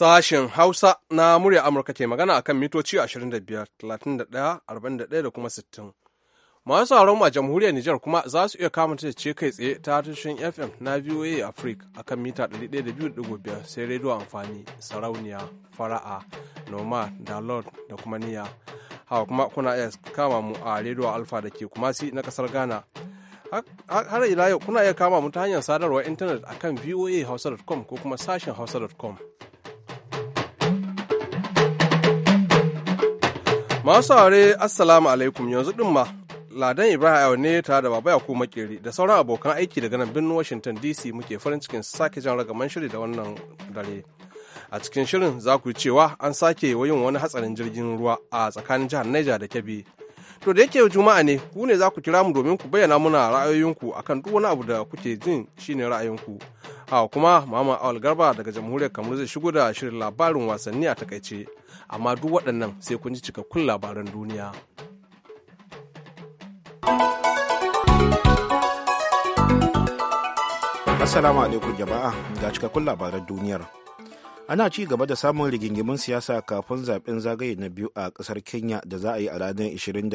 Sashen Hausa na murya Amurka ke magana akan mitoci 25, 31, 41 da kuma 60. Masu sauran a jamhuriyar Nijar kuma za su iya kamata da ce kai tsaye ta tushen FM na VOA Africa akan mita 102.5 sai rediyo amfani sarauniya fara'a noma da lord da kuma niya. Hawa kuma kuna iya kama mu a rediyo alfa da ke kuma si na kasar Ghana. Har ila yau kuna iya kama mu ta hanyar sadarwar intanet akan voahausa.com ko kuma sashen hausa.com. Masu aure assalamu alaikum yanzu ɗin ma Ladan Ibrahim Ayo ne tare da Baba Yakubu Makeri da sauran abokan aiki daga nan birnin Washington DC muke farin cikin sake jan ragaman shiri da wannan dare. A cikin shirin za ku cewa an sake yin wani hatsarin jirgin ruwa a tsakanin jihar Niger da Kebbi. To da yake Juma'a ne, ku ne za ku kira mu domin ku bayyana muna ra'ayoyinku akan duk wani abu da kuke jin shine ra'ayinku. A kuma Mama Awal Garba daga Jamhuriyar Kamaru zai shigo da shirin labarin wasanni a takaice. amma duk waɗannan sai kun ji cikakkun labaran duniya. Assalamu alaikum jama'a ga cikakkun labaran duniyar. Ana ci gaba da samun rigingimin siyasa kafin zaben zagaye na biyu a ƙasar Kenya da za a yi a ranar 26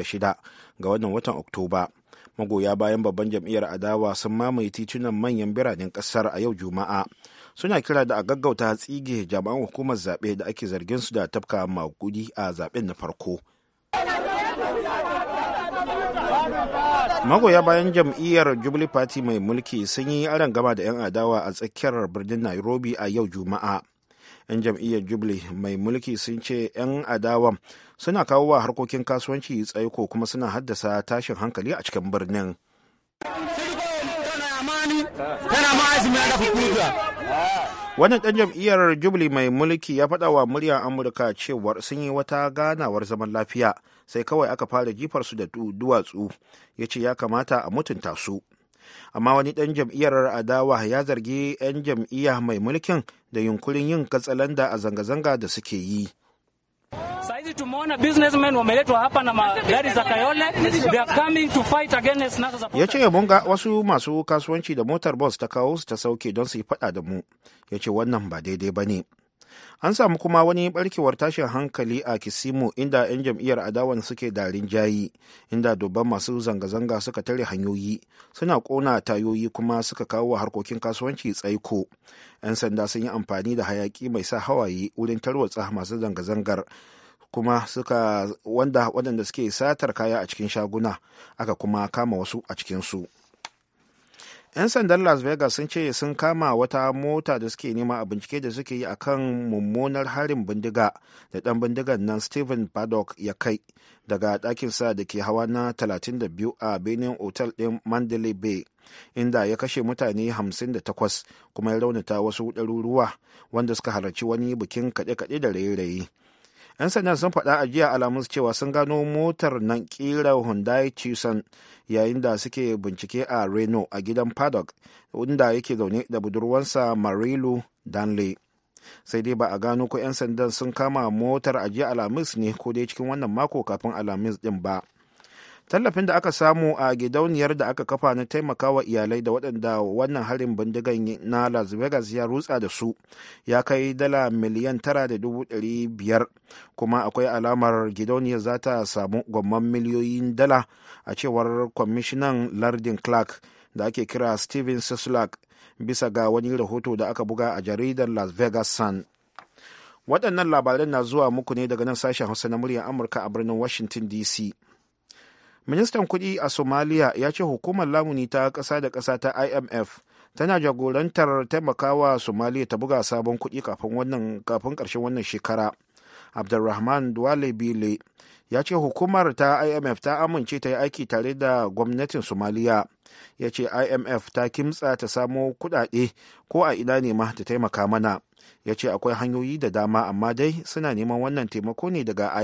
ga wannan watan Oktoba. Magoya bayan babban jam'iyyar adawa sun mamaye titunan manyan biranen ƙasar a yau Juma'a suna kira da a gaggauta tsige jami'an hukumar zaɓe da ake zargin su da tafka maguɗi a zaɓen na farko magoya bayan jam'iyyar jubilee party mai mulki sun yi aron gama da 'yan adawa a tsakiyar birnin nairobi a yau juma'a 'yan jam'iyyar jubilee mai mulki sun ce 'yan adawa suna kawo wa harkokin kasuwanci tsaiko kuma suna haddasa tashin hankali a cikin birnin tana ma azumi ana kuka. wannan dan jam'iyyar jubli mai mulki ya faɗa wa muryar amurka cewar sun yi wata ganawar zaman lafiya sai kawai aka fara jifar su da duwatsu ya ce ya kamata a mutunta su amma wani ɗan jam'iyyar adawa ya zargi 'yan jam'iyya mai mulkin da yunkurin yin katsalanda a zanga-zanga da suke yi Saizi tumeona businessmen wameletwa hapa na magari za Kayole, they are coming to fight against NASA supporters. Yace ya wasu masu kasuwanci da motar bus ta kawo su ta sauke don su yi faɗa da mu. Yace wannan ba daidai bane. an samu kuma wani barkewar tashin hankali a kisimu inda 'yan jam'iyyar adawan suke da jayi inda dubban masu zanga-zanga suka tare hanyoyi suna kona tayoyi kuma suka kawo wa harkokin kasuwanci tsaiko 'yan sanda sun yi amfani da hayaki mai sa hawaye wurin tarwatsa masu zanga-zangar kuma suka wanda waɗanda suke satar kaya a cikin shaguna aka kuma kama wasu a cikinsu. su 'yan sandan las vegas sun ce sun kama wata mota da suke nema a bincike da suke yi akan mummunar harin bindiga da dan bindigan nan stephen paddock ya kai daga ɗakinsa da ke hawa na 32 a benin otal ɗin mandalay bay inda ya kashe mutane 58 kuma ya raunata wasu ɗaruruwa wanda suka halarci wani bikin kaɗe-kaɗe da raye-raye 'yan sanda sun faɗa a jiya cewa sun gano motar nan ƙira hyundai tucson yayin da suke bincike a reno a gidan paddock inda yake zaune da budurwansa marilu danley sai dai ba a gano ko 'yan sandan sun kama motar a jiya alamis ne ko dai cikin wannan mako kafin alhamis din ba tallafin da aka samu a gidauniyar da aka kafa na taimakawa iyalai da waɗanda wannan harin bindigan na las vegas ya rutsa da su ya kai dala miliyan tara da dubu ɗari biyar kuma akwai alamar gidauniyar za ta samu gwamman miliyoyin dala a cewar kwamishinan lardin clark da ake kira steven sislak bisa ga wani rahoto da aka buga a jaridar las vegas sun waɗannan labaran na zuwa muku ne daga nan sashen hausa na muryar amurka a birnin washington dc ministan kuɗi a somaliya ya ce hukumar lamuni ta ƙasa da ƙasa ta imf tana jagorantar taimakawa somaliya ta buga sabon kuɗi kafin ƙarshen wannan shekara abdulrahman duwale bile ya ce hukumar ta imf ta amince ta yi aiki tare da gwamnatin somaliya ya ce imf ta kimtsa ta samo kuɗaɗe ko a ina ne ma ta taimaka mana ya ce akwai hanyoyi da dama amma dai suna neman wannan taimako ne daga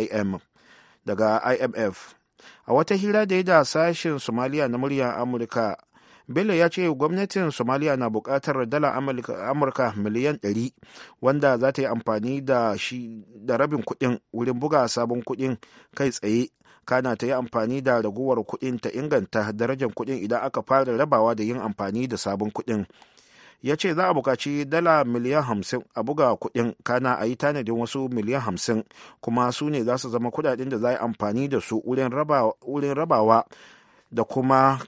imf a wata hira da ya da sashen somaliya na muryar amurka bello ya ce gwamnatin somaliya na bukatar dala amurka miliyan 100 wanda za ta yi amfani da shi da rabin kuɗin wurin buga sabon kuɗin kai tsaye kana ta yi amfani da raguwar kuɗi ta inganta darajar kuɗin idan aka fara rabawa da yin amfani da sabon kuɗin ya ce za a bukaci dala miliyan hamsin a buga kuɗin kana a yi tanadin wasu miliyan hamsin kuma su ne za su zama kudaden da za a yi amfani da su wurin rabawa da kuma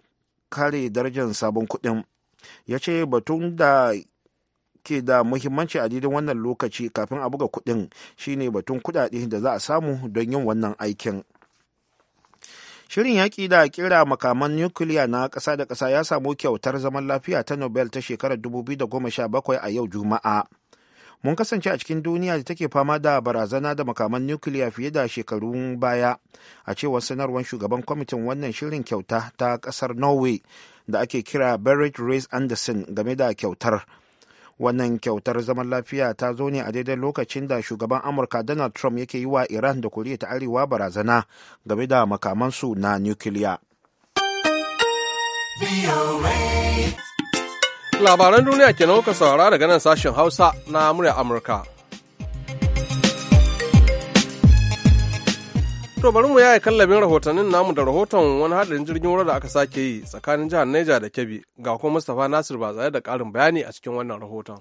kare darajar sabon kuɗin ya ce batun da ke da muhimmanci a didin wannan lokaci kafin a buga kuɗin shine batun kudade da za a samu don yin wannan aikin. Shirin yaƙi da kira makaman nukiliya na ƙasa da ƙasa ya samu kyautar zaman lafiya ta Nobel ta shekarar 2017 a yau Juma'a. Mun kasance a cikin duniya da take fama da barazana da makaman nukiliya fiye da shekarun baya, a cewar sanarwar shugaban kwamitin wannan shirin kyauta ta ƙasar Norway da ake kira Berit race Anderson game da kyautar. wannan kyautar zaman lafiya ta zo ne a daidai lokacin da shugaban amurka donald trump yake yi wa iran da koriya ta arewa barazana game da makamansu na nukiliya labaran duniya kenan kuka saurara daga nan sashen hausa na murya amurka To bari mu yaya kallabin rahotannin namu da rahoton wani hadarin jirgin ruwa da aka sake yi tsakanin jihar Niger da Kebbi ga kuma Mustapha Nasir ba zai da ƙarin bayani a cikin wannan rahoton.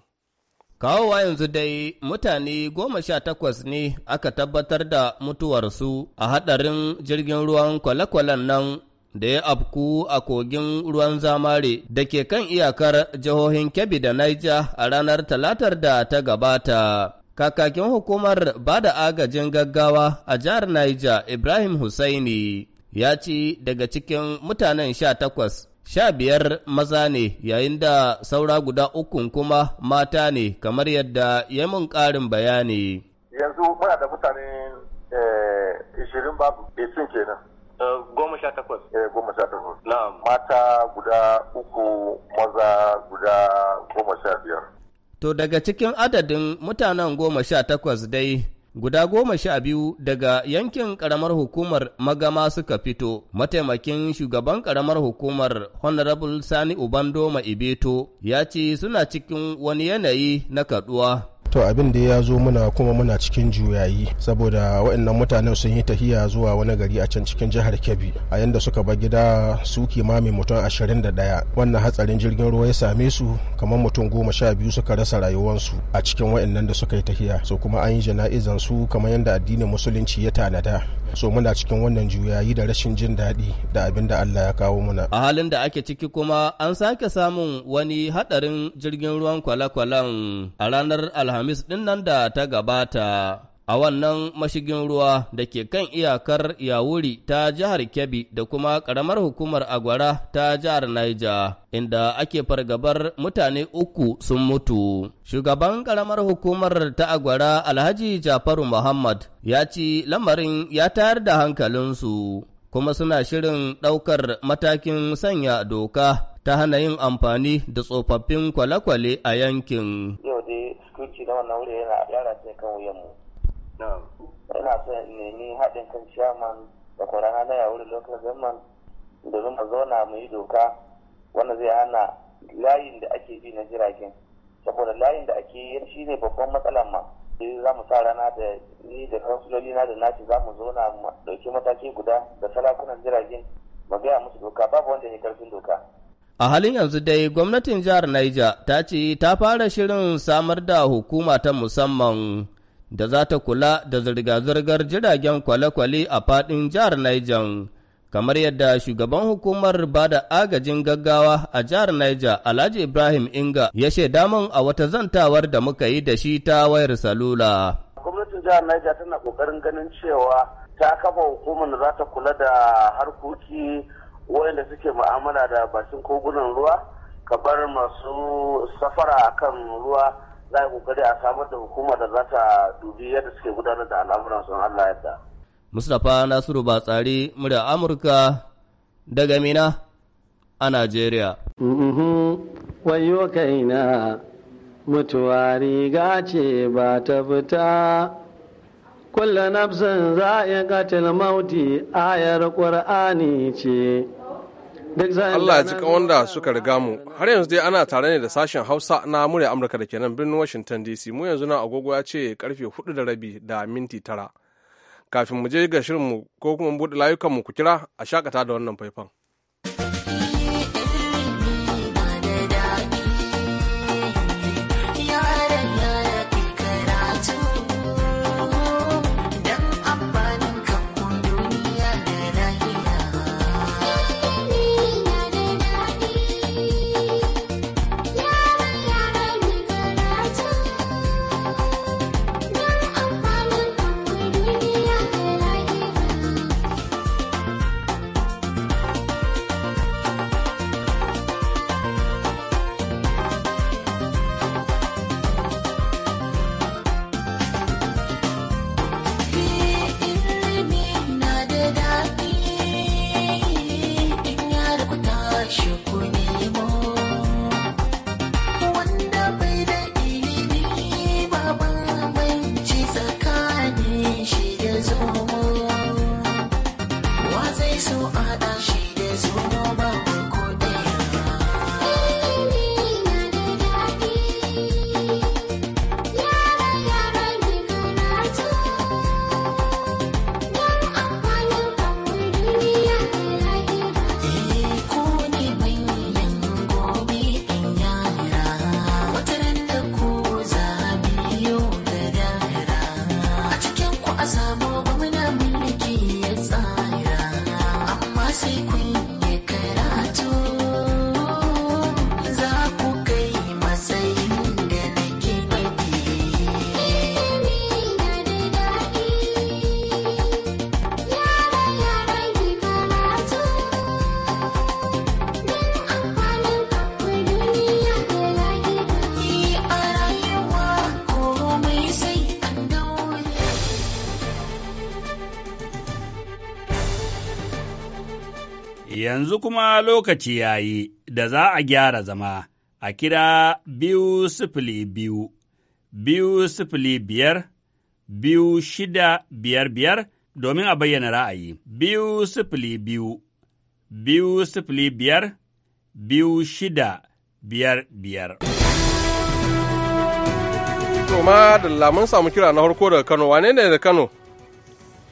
Kawowa yanzu dai mutane goma sha takwas ne aka tabbatar da mutuwarsu a hadarin jirgin ruwan kwale-kwalen nan da ya afku a kogin ruwan zamare da ke kan iyakar jihohin Kebbi da Niger a ranar talatar da ta gabata. Kakakin hukumar ba da agajin gaggawa a jihar Niger Ibrahim Hussaini ya ci daga cikin mutanen sha takwas sha biyar maza ne yayin da saura guda ukun kuma mata ne kamar yadda ya mun ƙarin bayani. Yanzu muna da mutane eh, ishirin babu sun kenan. Eh, goma sha takwas. Eh, goma sha takwas. Mata guda uku maza guda goma sha biyar. To daga cikin adadin mutanen goma sha takwas dai guda goma sha biyu daga yankin ƙaramar hukumar magama suka fito mataimakin shugaban ƙaramar hukumar honorable sani ubandoma ibeto ya ce suna cikin wani yanayi na kaduwa to abin da ya zo muna kuma muna cikin juyayi saboda waɗannan mutanen sun yi tahiya zuwa wani gari a can cikin jihar kebbi a yanda suka bar gida su kimamin mutum 21 wannan hatsarin jirgin ruwa ya same su kamar mutum goma sha biyu suka rasa rayuwarsu a cikin waɗannan da suka yi tahiya so kuma an yi jana'izan su kamar yadda addinin musulunci ya tanada so muna cikin wannan juyayi da rashin jin daɗi da abin da Allah ya kawo muna. A halin da ake ciki kuma an sake samun wani haɗarin jirgin ruwan kwale-kwalen a ranar Alhamis Alhamis ɗin nan da ta gabata. a wannan mashigin ruwa da ke kan iyakar Yawuri ta jihar Kebbi da kuma ƙaramar hukumar Agwara ta jihar Niger, inda ake fargabar mutane uku sun mutu. Shugaban ƙaramar hukumar ta Agwara Alhaji Jafaru Muhammad ya ci lamarin ya tayar da hankalinsu kuma suna shirin ɗaukar matakin sanya doka ta hana yin amfani da tsofaffin kwale-kwale a yankin. Yau dai sukuci na wannan wuri yana yara ce kan Yana Ina so nemi haɗin kan shaman da kwarana na yawuri lokacin zaman domin mu zauna mu yi doka wanda zai hana layin da ake bi na jiragen. Saboda layin da ake yi shi ne babban matsalan ma. sai za mu sa rana da ni da kansuloli na da naci za mu zauna mu ɗauki mataki guda da sarakunan jiragen mu gaya musu doka babu wanda ya karfin doka. A halin yanzu dai gwamnatin jihar Niger ta ce ta fara shirin samar da hukuma ta musamman da za ta kula da zirga-zirgar jiragen kwale-kwale a faɗin jihar Niger. kamar yadda shugaban hukumar ba da agajin gaggawa a jihar Niger Alhaji Ibrahim Inga ya shaida min a wata zantawar da muka yi da shi ta wayar salula. Gwamnatin jihar Niger tana kokarin ganin cewa ta kafa hukumar da za ta kula da harkoki waɗanda suke mu'amala da bakin kogunan ruwa kamar masu safara akan ruwa za a kokari a samar da hukumar da za ta dubi yadda suke gudanar da al'amuran sun Allah yadda. Mustapha Nasiru Batsari murya Amurka daga Mina a Najeriya. Wayo kaina mutuwa riga ce ba ta fita. Kulla nafsin katil mauti ayar Qur'ani ce. Allah ya cika wanda suka riga mu har yanzu dai ana tare ne da sashen Hausa na murya Amurka da kenan birnin Washington DC mu yanzu na agogo ya ce karfe hudu da rabi da minti tara kafin mu je ga mu ko kuma buɗe mu ku kira a shakata da wannan faifan. yanzu kuma lokaci ya yi da za a gyara zama a kira biyu sifili biyu, biyu sifili biyar, biyu shida biyar biyar domin a bayyana ra'ayi, biyu sifili biyu, biyu sifili biyar, biyu shida biyar biyar. To da lamun samu kira na harko daga Kano, wane ne da Kano?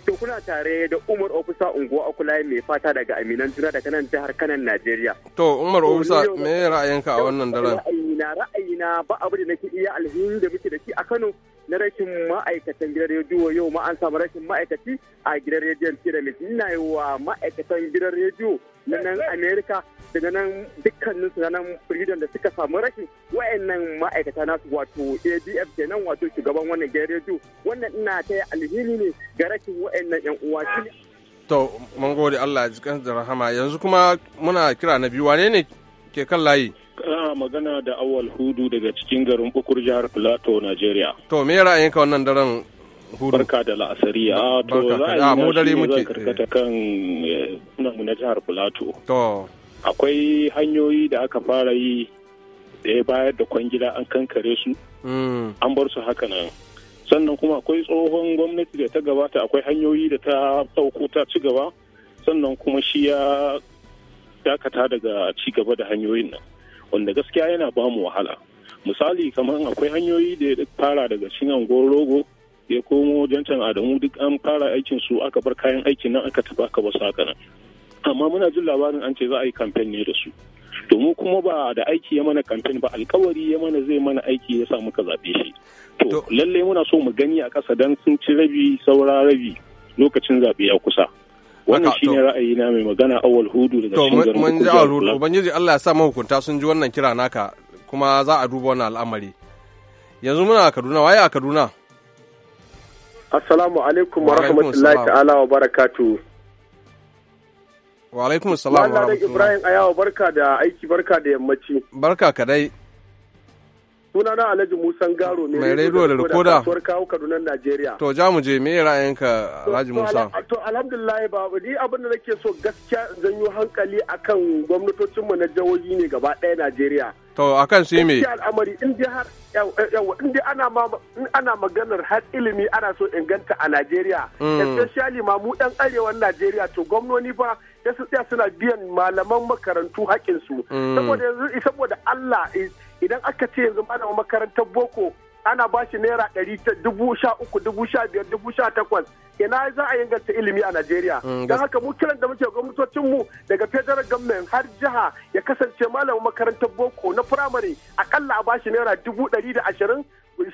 To kuna tare da Umar Ofisa unguwa Akulaye mai fata daga Aminan Juna daga nan jihar Kanan Najeriya. To Umar Ofisa me ra'ayinka a wannan daren? Ra'ayina ra'ayina ba abu da nake iya alhini da muke da shi a Kano na rashin ma'aikatan gidan rediyo yau ma an samu rashin ma'aikaci a gidan rediyon pyramid ina yi wa ma'aikatan gidan rediyo na nan america daga nan dukkanin su nan freedom da suka samu rashin wayannan ma'aikata nasu wato adf kenan wato shugaban wannan gidan rediyo wannan ina ta alhini ne ga rashin wayannan yan uwa to mun gode Allah ya ji da rahama yanzu kuma muna kira na biyu wane ne ke kan layi kana magana da awal hudu daga cikin garin bukur jihar Plateau, Nigeria. To me ra'ayinka wannan daren hudu? Barka da la'asari. A to za a yi dare muke karkata eh. kan eh, nan na jihar Plateau. To akwai hanyoyi da aka fara yi da ya bayar da kwangila an kankare su. Hmm. An bar su haka nan. Sannan kuma akwai tsohon gwamnati da ta gabata akwai hanyoyi da ta sauko ta ci gaba. Sannan kuma shi ya dakata daga ci gaba da hanyoyin nan. wanda gaskiya yana ba mu wahala misali kamar akwai hanyoyi da ya fara daga cin angon rogo ya komo jancan adamu duk an fara aikin su aka bar kayan aikin nan aka tafi aka basu haka nan amma muna jin labarin an ce za a yi kamfen ne da su to mu kuma ba da aiki ya mana kamfen ba alkawari ya mana zai mana aiki ya sa muka zaɓe shi to lallai muna so mu gani a kasa dan sun ci rabi saura rabi lokacin zaɓe ya kusa wannan shine ra'ayi na mai magana awal hudu daga cikin garin mun ji awal hudu ubangiji Allah ya sa mahukunta sun ji wannan kira naka kuma za a duba wannan al'amari yanzu muna a Kaduna waye a Kaduna Assalamu alaikum wa rahmatullahi ta'ala wa barakatu. Wa alaikum assalam wa rahmatullahi. Ibrahim Ayawa barka da aiki barka da yammaci. Barka kadai. suna na alhaji musan garo ne mai rediyo da rikoda kasuwar kawo kaduna najeriya to ja mu je me ra'ayinka alhaji musa to alhamdulillah ba ni abin da nake so gaskiya zanyo hankali akan gwamnatocin mu na jihohi ne gaba ɗaya najeriya to akan sai me al'amari in dai har yawa eh, in dai ana ma ana maganar har ilimi ana so inganta a najeriya mm. especially ma mu ɗan arewan najeriya to gwamnoni ba ya su tsaya suna biyan malaman makarantu haƙƙinsu mm. saboda yanzu saboda Allah eh, idan aka ce yanzu malamin makarantar boko ana ba shi naira ɗari ta dubu sha uku dubu sha biyar dubu sha takwas ina za a inganta ilimi a Najeriya. Mm, Don haka mu kiran da muke gwamnatocin mu daga federal government har jiha ya kasance malamin makarantar boko na firamare akalla a bashi naira dubu ɗari da ashirin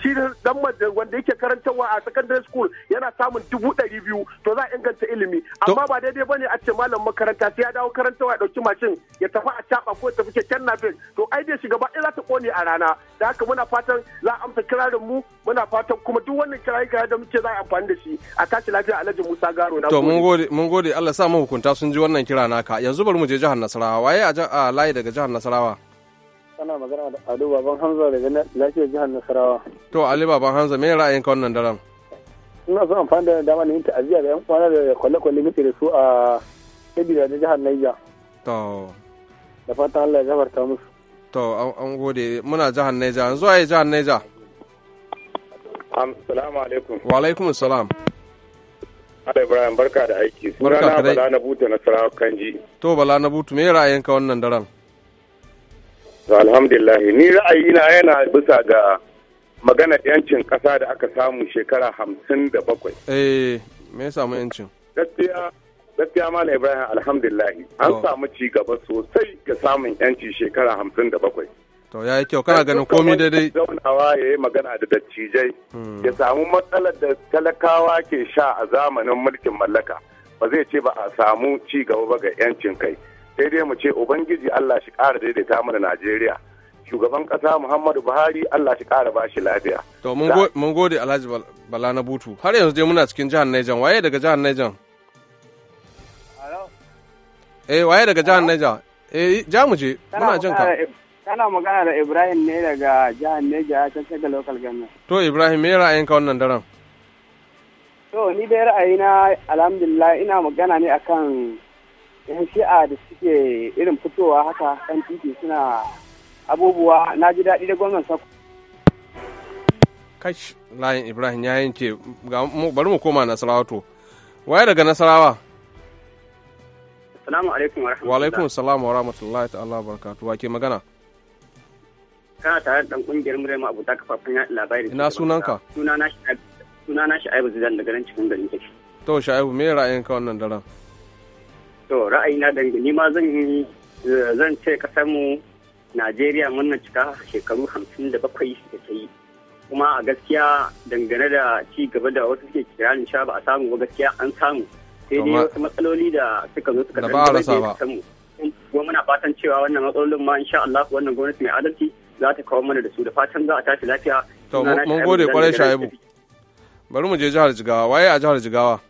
shi dan wanda yake karantarwa a secondary school yana samun dubu ɗari biyu to za a inganta ilimi amma ba daidai ba ne a ce malam makaranta sai ya dawo karantarwa ya ɗauki mashin ya tafi a caɓa ko ya tafi keken nafin to ai dai gaba ba za ta ƙone a rana da haka muna fatan za a amsa kirarin mu muna fatan kuma duk wannan kirayi kirayi da muke za a amfani da shi a tashi lafiya alhaji musa garo na to mun gode mun gode Allah sa mahukunta sun ji wannan kira naka yanzu bari mu je jihar nasarawa waye a layi daga jihar nasarawa kana magana da Ado Baban Hamza daga lafiyar jihar Nasarawa. To Ali Baban Hamza me ka wannan daren? Ina so amfani da dama ne ta ajiya da 'yan kwana da kwalle-kwalle muke da su a Kebira da jihar Niger. To. Da fatan Allah ya gafarta musu. To an gode muna jihar Niger an zuwa jihar Niger. Assalamu alaikum. Wa alaikum assalam. Ada Ibrahim barka da aiki. Barka da Bala na butu na Sarawa Kanji. To Bala na butu me ka wannan daren? To alhamdulillah ni ra'ayina yana bisa ga maganar yancin ƙasa da aka samu shekara hamsin da bakwai. Eh, me ya samu yancin? Gaskiya gaskiya ma Ibrahim alhamdulillahi an samu ci gaba sosai ga samun yanci shekara hamsin da bakwai. To ya yi kyau kana ganin komi daidai. Zaunawa ya yi magana da dattijai hmm. ya samu matsalar da talakawa ke sha a zamanin mulkin mallaka ba zai ce ba a samu ci gaba ba ga yancin kai. sai dai mu ce ubangiji Allah shi ƙara daidaita mana Najeriya shugaban ƙasa Muhammadu Buhari Allah shi ƙara ba shi lafiya. To mun gode Alhaji Bala na Butu har yanzu dai muna cikin jihar Niger waye daga jihar Niger? Eh waye daga jihar Niger? Eh ja mu je muna jin ka. Kana magana da Ibrahim ne daga jihar Niger ta shaga local government. To Ibrahim me ra'ayinka wannan daren? To ni dai ra'ayina alhamdulillah ina magana ne akan yan shi'a da suke irin fitowa haka kan titi suna abubuwa na ji daɗi da gwamnan sako. kash layin ibrahim ya yanke bari mu koma nasarawa to waye daga nasarawa Salamu alaikum wa rahmatullahi. Wa alaikum salamu wa rahmatullahi Allah barakatu. Wa ke magana? Kana tare da ɗan kungiyar murai ma abuta kafafen yaɗa labari. Ina sunanka? Sunana Sunana Sha'ibu Zidan daga nan cikin garin kashi. To Sha'ibu me ra'ayinka wannan daren? to ra'ayina da ni ma zan yi eh, zan ce mu najeriya muna cika shekaru hamsin da bakwai da ta yi kuma a gaskiya dangane da ci gaba da wasu suke ni sha ba a samu ba gaskiya an samu sai dai wasu matsaloli da suka zo suka samu kuma muna fatan cewa wannan matsalolin ma insha Allah wannan gwamnati mai adalci za ta kawo mana da su da fatan za a tashi lafiya to mun gode kwarai shaibu bari mu je jihar jigawa waye a jihar jigawa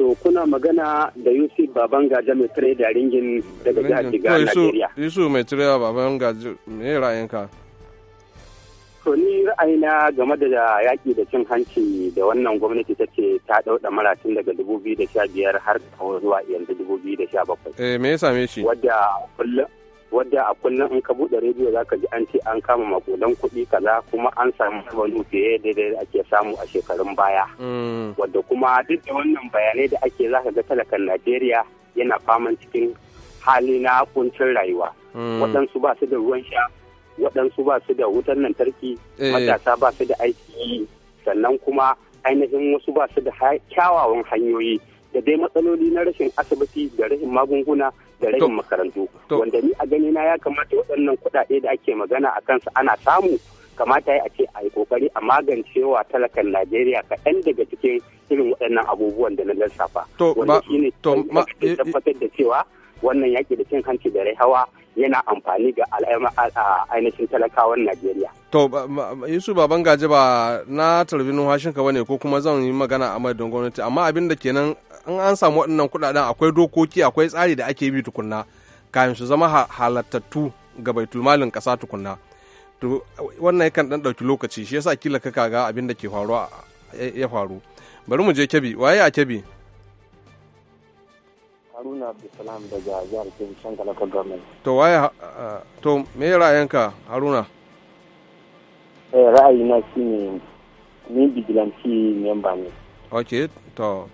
To kuna magana da Yusuf Baban Gaja mai tare da ringin daga jihar Jigawa, nigeria Yusuf mai tare da Baban Gaja, me ra'ayinka? To ni ra'ayina game da yaƙi da cin hanci da wannan gwamnati ta ce ta ɗauɗa maratin daga 2015 har zuwa yanzu 2017. Eh me ya same shi? Wadda kullum wadda a kullum in ka bude rediyo za ka ji an ce an kama makulan kuɗi kaza kuma an samu wani fiye da da ake samu a shekarun baya. Mm. Wadda kuma duk da wannan bayanai da ake za ka ga talakan Najeriya yana faman cikin hali na kuncin rayuwa. Mm. Waɗansu ba su da ruwan sha, waɗansu ba su da wutar lantarki, eh. matasa ba su da aiki sannan kuma ainihin wasu ba su da kyawawan hanyoyi da dai matsaloli na rashin asibiti da rashin magunguna da rashin makarantu wanda ni a gani na ya kamata waɗannan kuɗaɗe da ake magana a kansu ana samu kamata ya ce a yi kokari a magancewa talakan Najeriya kaɗan daga cikin irin waɗannan abubuwan da na lissafa. To, wanda shi ne eh, eh, tabbatar da cewa wannan yaƙi da cin hanci da rai hawa yana amfani ga ainihin talakawan Najeriya. To, Yusuf Baban Gaji ba na tarbi numfashinka ba ne ko kuma zan yi magana a madadin gwamnati, amma abin da kenan in an samu waɗannan kuɗaɗen akwai dokoki akwai tsari da ake bi tukunna kafin su zama halattattu ga baitulmalin ƙasa tukunna. To, wannan yakan ɗan ɗauki lokaci, shi yasa kila ka kaga abin da ke faruwa ya faru. Bari mu je Kebbi, waye a kebi. haruna abdulsalam daga jihar kebbi shanka local government to waye uh, to me ra'ayinka haruna eh ra'ayina shine ni bigilanci memba ne ok to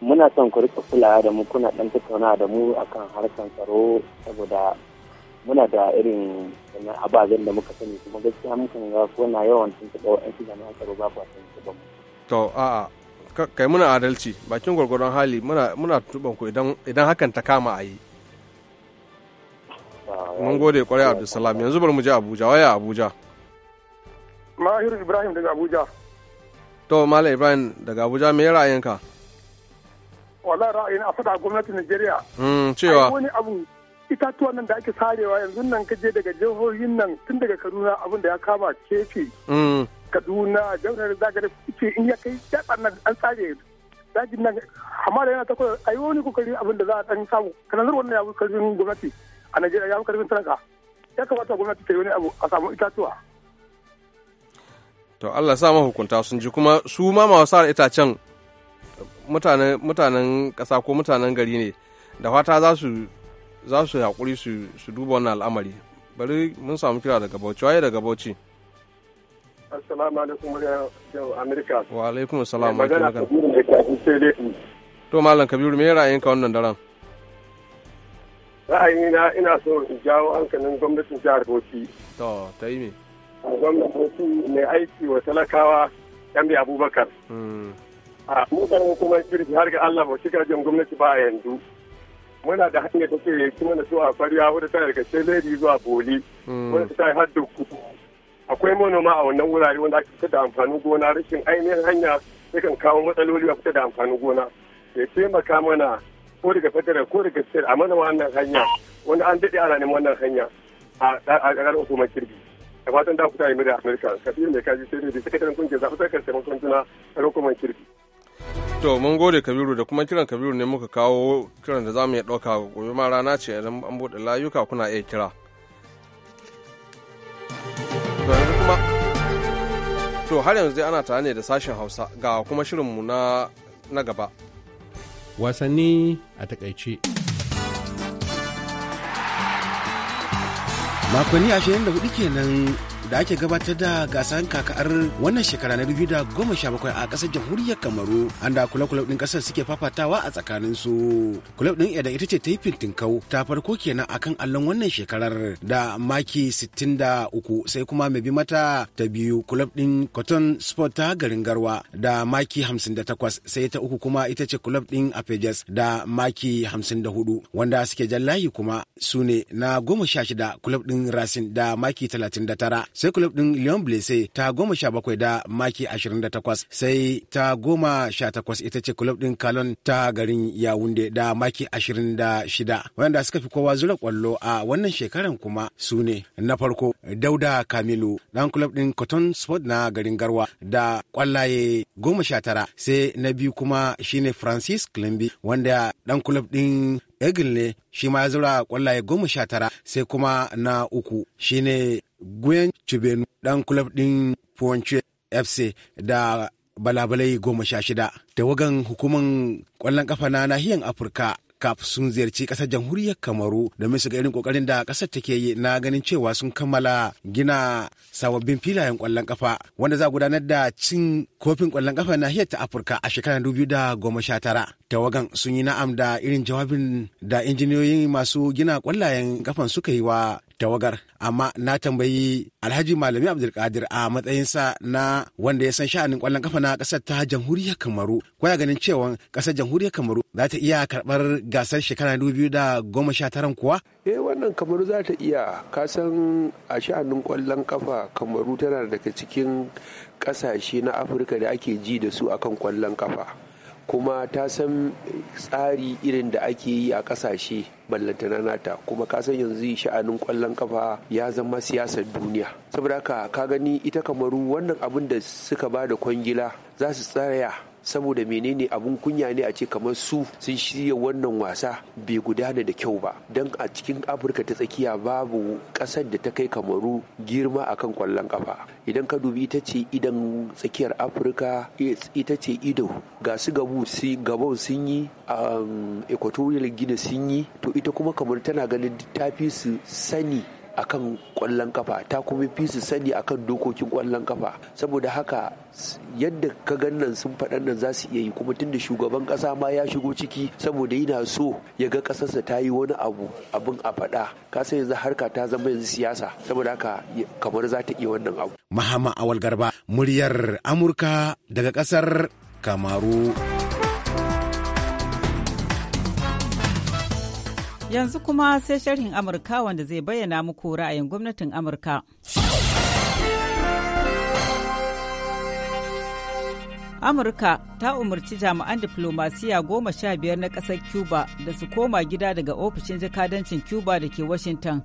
muna son ku rika kulawa da mu kuna ɗan tattauna da mu akan harkan tsaro saboda muna da irin ababen da muka sani kuma gaskiya mukan ga kuna yawan tuntuɓa wa'yansu jami'an tsaro ba ku tuntuɓa mu to a'a kai muna adalci bakin gwargwaron hali muna tuban ku idan hakan ta kama a yi mun gode kwarai abdulsalam yanzu bari mu je abuja waya abuja mahiru ibrahim daga abuja to mala ibrahim daga abuja me ra'ayinka wala ra'ayin a fada gwamnatin najeriya hmm, cewa wani abu itatuwan nan da ake sarewa yanzu nan kaje daga jihohin nan tun daga kaduna abin da ya kama kefe hmm. kaduna jamhuriyar zagare ce in ya kai daɓar nan an tsare dajin nan amma da yana ta kawai a yi wani kokari abin da za a ɗan samu zuwa wannan ya fi karfin gwamnati a najeriya ya fi karfin talaka ya kamata gwamnati ta yi wani abu a samu itatuwa. to allah sa mahukunta sun ji kuma su ma masu sa itacen mutanen ƙasa ko mutanen gari ne da fata za su za su haƙuri su duba wannan al'amari bari mun samu kira daga bauchi waye daga bauchi. Assalamu alaikum Wa alaikum assalam wa magana. To Malam Kabiru me ra'ayinka wannan daren? ra'ayi na ina so in jawo hankalin gwamnatin jihar Bauchi. To, ta yi me? Gwamnatin Bauchi mai aiki wa talakawa bi Abubakar. Hmm. A mutane kuma kirki har ga Allah ba shiga jin gwamnati ba a yanzu. Muna da hanyar da ke kuma mana zuwa fariya wadda ta daga lady zuwa Boli. Hmm. Wadda ta yi har akwai manoma a wannan wurare wanda ake fitar da amfanin gona rashin ainihin hanya yakan kawo matsaloli a fita da amfanin gona ya taimaka mana ko daga federal ko daga sir a mana wannan hanya wanda an daɗe ana neman wannan hanya a ƙarar hukumar kirki da fatan da kuta yi da amurka kafin mai kaji sai da sakataren kungiyar zaɓe sakar taimakon juna a hukumar kirbi. to mun gode kabiru da kuma kiran kabiru ne muka kawo kiran da za mu iya ɗauka gobe ma rana ce idan an buɗe layuka kuna iya kira. To har yanzu dai ana tare ne da sashen Hausa ga kuma shirinmu na na gaba. Wasanni a takaice. Makonni 24 kenan da ake gabatar da gasar kakar wannan shekara na bakwai a kasar jamhuriyar Kamaru an da kula kulab din kasar suke fafatawa a tsakanin su. Kulab din yadda ita ce ta yi fintinkau ta farko kenan akan allon wannan shekarar da maki uku sai kuma mai bi mata ta biyu kulab din Cotton Sport ta garin Garwa da maki takwas sai ta uku kuma ita ce kulab din Apejas da maki hudu wanda suke jan layi kuma su ne na goma sha shida kulab din rasin da maki tara. sai kulub din Lyon Blaise ta goma sha bakwai da maki ashirin da takwas sai ta goma sha takwas ita ce kulub din Kalon ta garin Yawunde da maki ashirin da shida wanda suka fi kowa zura kwallo a wannan shekaran kuma su ne na farko Dauda Kamilu ɗan kulub din Cotton Sport na garin Garwa da kwallaye goma sha tara sai na biyu kuma shine Francis Klimbi wanda ɗan kulub din Egil ne shi ma ya zura kwallaye goma sha tara sai kuma na uku shine Gwen Cibenu ɗan kulab din Ponce FC da balabalai goma sha shida. Tawagan hukumar ƙwallon kafa na nahiyar Afirka CAF sun ziyarci ƙasar jamhuriyar Kamaru domin su ga irin ƙoƙarin da ƙasar take yi na ganin cewa sun kammala gina sababbin filayen ƙwallon ƙafa wanda za a gudanar da cin kofin ƙwallon ƙafa na ta Afirka a shekarar dubu da goma sha tara. Tawagan sun yi na'am da irin jawabin da injiniyoyin masu gina ƙwallayen ƙafan suka yi wa tawagar amma na tambayi alhaji malami abdulkadir a matsayinsa na wanda ya san sha'anin kwallon kafa na kasar ta jamhuriyar kamaru ko ya ganin cewa kasar jamhuriyar kamaru za ta iya karbar gasar shekara dubu biyu da goma sha taran kuwa eh wannan kamaru za ta iya ka san a sha'anin kwallon kafa kamaru tana daga cikin kasashe na afirka da ake ji da su akan kwallon kafa kuma ta san tsari irin da ake yi a kasashe ballantana nata kuma ka san yanzu sha'anin kwallon kafa ya zama siyasar duniya saboda haka ka gani ita kamaru wannan abin da suka ba da kwangila za su tsaya saboda menene abun kunya ne a ce kamar su sun shirya wannan wasa bai gudana da kyau ba don a cikin afirka ta tsakiya babu ƙasar da ta kai kamaru girma akan kwallon kafa idan ka dubi ita ce idan tsakiyar afirka ita ce ido ga su gabu gabon sun yi um, equatorial gina sun yi to ita kuma kamar tana ganin tafi su sani akan kwallon kafa ta kuma fi su sani akan dokokin kwallon kafa saboda haka yadda ka gannan sun faɗan nan za su iya yi kuma tunda shugaban ƙasa ma ya shigo ciki saboda yana so ya ga ƙasarsa ta yi wani abu abin a faɗa ka sai yanzu harka ta zama yanzu siyasa saboda haka kamar za ta iya wannan abu. Mahama Awal Garba muryar Amurka daga ƙasar Kamaru. Yanzu kuma sai sharhin Amurka wanda zai bayyana muku ra'ayin gwamnatin Amurka. Amurka ta umarci jami'an diflomasiya goma sha biyar na ƙasar Cuba da su koma gida daga ofishin jakadancin Cuba da ke Washington.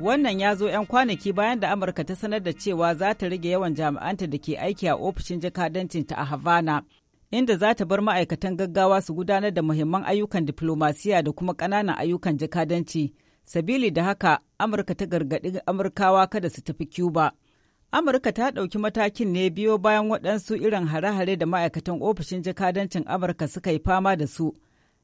Wannan ya zo 'yan kwanaki bayan da Amurka ta sanar da cewa za ta rage yawan jami'anta da ke aiki a ofishin jakadancinta a Havana. inda za ta bar ma'aikatan gaggawa su gudanar da muhimman ayyukan diflomasiya da kuma ƙananan ayyukan jakadanci. Sabili da haka, Amurka ta gargaɗi Amurkawa kada su tafi Cuba. Amurka ta ɗauki matakin ne biyo bayan waɗansu irin hare-hare da ma'aikatan ofishin jakadancin Amurka suka yi fama da su,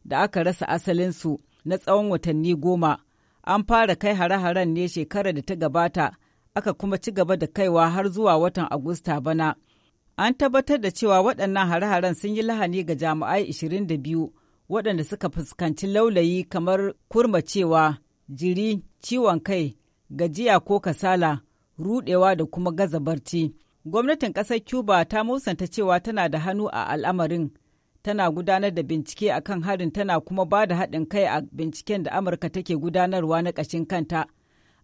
da aka rasa asalinsu na tsawon watanni goma. An fara kai hare-haren ne shekarar da ta gabata, aka kuma ci gaba da kaiwa har zuwa watan Agusta bana. An tabbatar da cewa waɗannan hare-haren sun yi lahani ga jami'ai 22 waɗanda suka fuskanci laulayi kamar kurmacewa, jiri, ciwon kai, gajiya ko kasala, ruɗewa da kuma gaza barci. Gwamnatin ƙasar Cuba ta musanta cewa tana da hannu a al'amarin. tana gudanar da bincike a kan harin tana kuma ba da haɗin kai a binciken da amurka take gudanarwa na ƙashin kanta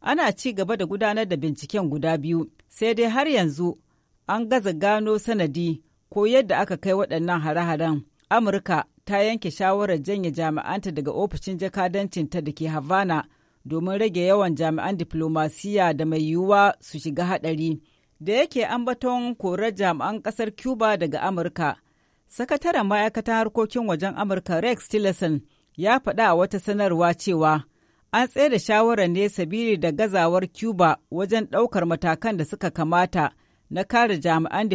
ana ci gaba da gudanar da binciken guda biyu sai dai har yanzu an gaza gano sanadi ko yadda aka kai waɗannan hare-haren amurka ta yanke shawarar janye jami'anta daga ofishin jakadancinta da ke havana domin rage yawan jami'an diflomasiya da mai yiwuwa su shiga haɗari da yake ambaton korar jami'an ƙasar cuba daga amurka sakataren ma'aikatan harkokin wajen amurka rex tillerson ya faɗa a wata sanarwa cewa an tsaye da shawarar ne sabili da gazawar cuba wajen ɗaukar matakan da suka kamata na kare jami'an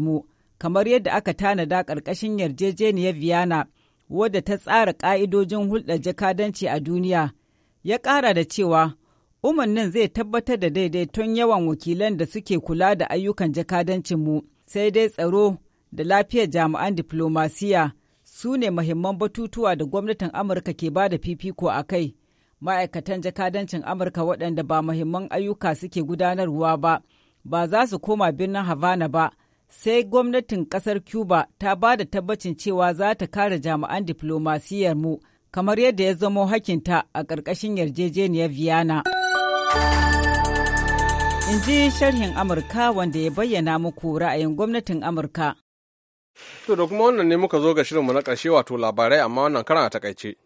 mu kamar yadda aka tanada ƙarƙashin yarjejeniyar Vienna wadda ta tsara ƙa'idojin hulɗa jakadanci a duniya, ya ƙara da cewa umarnin zai tabbatar da daidaiton yawan wakilan da suke kula da ayyukan jakadancinmu sai dai tsaro da lafiyar jami'an diflomasiya su ne mahimman batutuwa da gwamnatin Amurka ke ba da fifiko a kai. Ma'aikatan jakadancin Amurka waɗanda ba mahimman ayyuka suke gudanarwa ba. ba za su koma birnin Havana ba, sai gwamnatin kasar Cuba ta ba da tabbacin cewa za ta kare jami'an diflomasiyyar mu kamar yadda ya zamo hakinta a ƙarƙashin yarjejeniyar Vienna. In ji sharhin Amurka wanda ya bayyana muku ra'ayin gwamnatin Amurka. To da kuma wannan ne muka zo ga shirinmu na ƙarshe wato labarai amma wannan karan a takaice.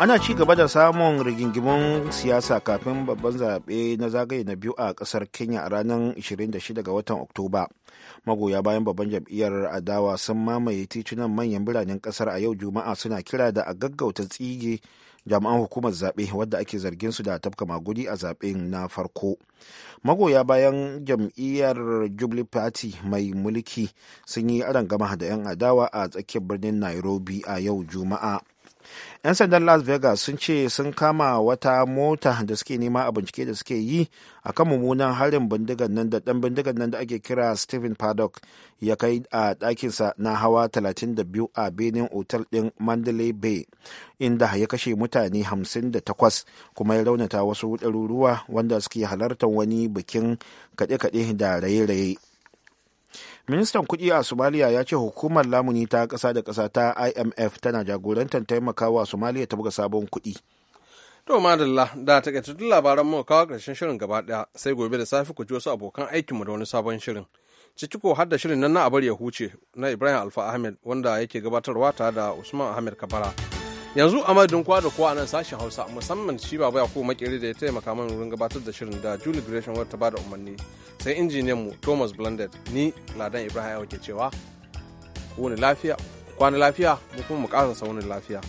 ana ci gaba da samun rigingimun siyasa kafin babban zaɓe na zagaye na biyu a ƙasar kenya a ranar 26 ga watan oktoba magoya bayan babban jam'iyyar adawa sun mamaye titunan manyan biranen ƙasar a yau juma'a suna kira da a gaggauta tsige jami'an hukumar zaɓe wadda ake zargin su da tafka magudi a zaɓen na farko magoya bayan jam'iyyar jubilee party mai mulki sun yi gama da 'yan adawa a tsakiyar birnin nairobi a yau juma'a 'yan sandan las vegas sun ce sun kama wata mota da suke nema a bincike da suke yi a kan mummunan harin bindigan nan da dan bindigan nan da ake kira stephen paddock ya kai a ɗakinsa na hawa 32 a benin otal ɗin mandalay bay inda ya kashe mutane 58 kuma ya raunata wasu ɗaruruwa wanda suke halartar wani bikin kaɗe-kaɗe da raye-raye ministan kuɗi a somaliya ya ce hukumar lamuni ta kasa da kasa ta imf tana jagorantar taimakawa somaliya ta buga sabon kuɗi to madalla da takaitattun labaran mu kawo ƙarshen shirin gaba daya sai gobe da safi ku ji wasu abokan aikin mu da wani sabon shirin ciki ko har da shirin nan na abar ya huce na ibrahim alfa ahmed wanda yake gabatarwa tare da usman ahmed kabara yanzu a madadin kowa da kowa a nan sashen hausa musamman shi ba baba ko makeri da ya taimaka mana wurin gabatar da shirin da julie gresham wadda ta ba da umarni sai injiniyan mu thomas blended ni ladan ibrahim ke cewa wani lafiya kwana lafiya mu kuma mu kasa wani lafiya